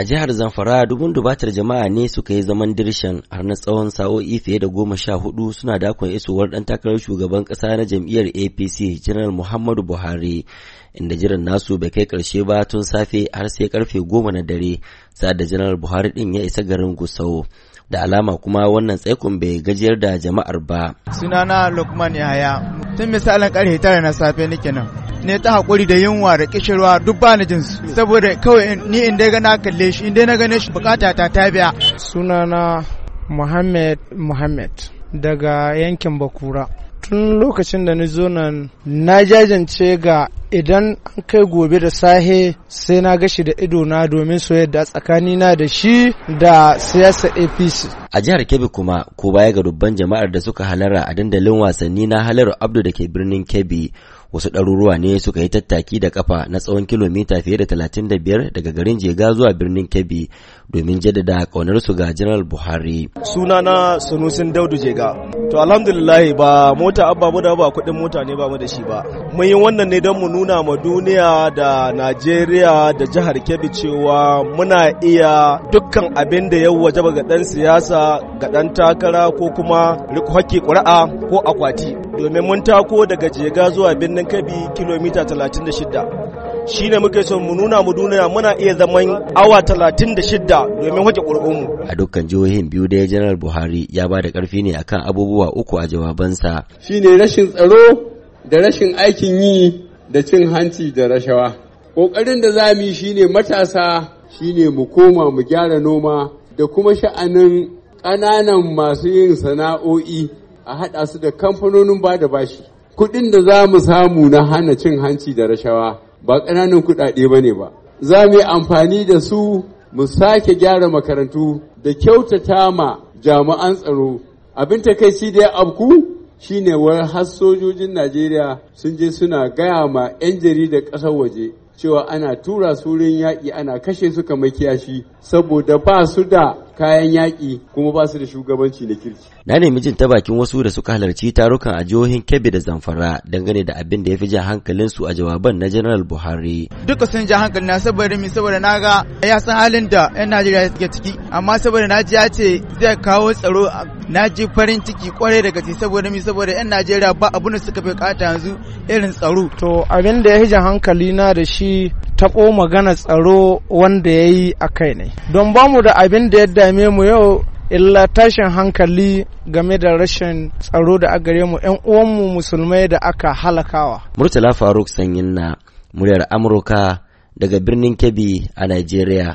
A jihar Zamfara dubun dubatar jama'a ne suka yi zaman dirshan har na tsawon sa'o'i fiye da goma sha hudu suna dakon isowar ɗan takarar shugaban ƙasa na jam'iyyar APC Janar Muhammadu Buhari inda jiran nasu bai kai ƙarshe ba tun safe har sai karfe goma na dare sa'ad da Janar Buhari ɗin ya isa garin Gusau. Da alama kuma wannan tsaikon bai gajiyar da jama'ar ba. Sunana Lukman Yahaya tun misalin ƙarfe tara na safe nake nan ne ta hakuri da yunwa da kishirwa duk ba ni jinsi. saboda kawai ni in dai gana kalle shi in dai na gane shi bukata ta ta sunana Muhammad Muhammad daga yankin Bakura tun lokacin da ni zo nan na jajance ga idan an kai gobe da sahe sai na gashi da idona domin soyayya tsakanina da shi da siyasa apc A jihar Kebbi kuma ko baya ga dubban jama'ar da suka halara a dandalin wasanni na halar Abdu da ke birnin Kebbi wasu ɗaruruwa ne suka yi tattaki da kafa na tsawon kilomita fiye da talatin da biyar daga garin Jega zuwa birnin Kebbi domin jaddada ƙaunarsu ga General Buhari. Sunana Sunusin Daudu Jega. To alhamdulillah ba mota abba mu da ba kuɗin mota ne ba mu da shi ba. Mun yi wannan ne don mu nuna ma duniya da Najeriya da jihar Kebbi cewa muna iya dukkan abin da ya wajaba ga ɗan siyasa a ga ɗan takara ko kuma hakki ƙuri'a ko akwati domin mun tako daga jega zuwa birnin kabi kilomita 36 shi ne muke son mu nuna mu duniya muna iya zaman awa 36 domin hake mu. a dukkan jihohin biyu da janar buhari ya ba da ƙarfi ne akan abubuwa uku a jawabansa shine rashin tsaro da rashin aikin yi da cin hanci da rashawa ƙoƙarin da za mu yi shine matasa shine mu koma mu gyara noma da kuma sha'anin ƙananan masu yin sana'o'i a haɗa su da kamfanonin ba da bashi kuɗin da za mu samu na hana cin hanci da rashawa ba ƙananan kuɗaɗe ba ne ba za mu yi amfani da su mu sake gyara makarantu da kyautata ma jami'an tsaro abin takaici da ya abku shine wani har sojojin najeriya sun je suna gaya ma 'yan jarida ƙasar waje cewa ana tura su wurin yaƙi ana kashe su kamar kiyashi saboda ba su da kayan yaƙi kuma ba su da shugabanci na kirki. Na nemi jin ta bakin wasu da suka halarci tarukan a jihohin Kebbi da Zamfara dangane da abin da ya fi jan hankalinsu a jawaban na General Buhari. Duka sun ja hankali na saboda mi saboda na ga ya san halin da 'yan Najeriya suke ciki amma saboda na ji ya ce zai kawo tsaro na ji farin ciki kwarai da gaske saboda mi saboda 'yan Najeriya ba abin da suka fi kata yanzu irin tsaro. To abin da ya fi jan hankali na da shi taɓo magana tsaro wanda ya yi a kai ne don ba mu da abin da ya dame mu yau illa tashin hankali game da rashin tsaro da agare mu yan uwanmu musulmai da aka halakawa murtala faruk sanyin na muryar amurka daga birnin kebbi a nigeria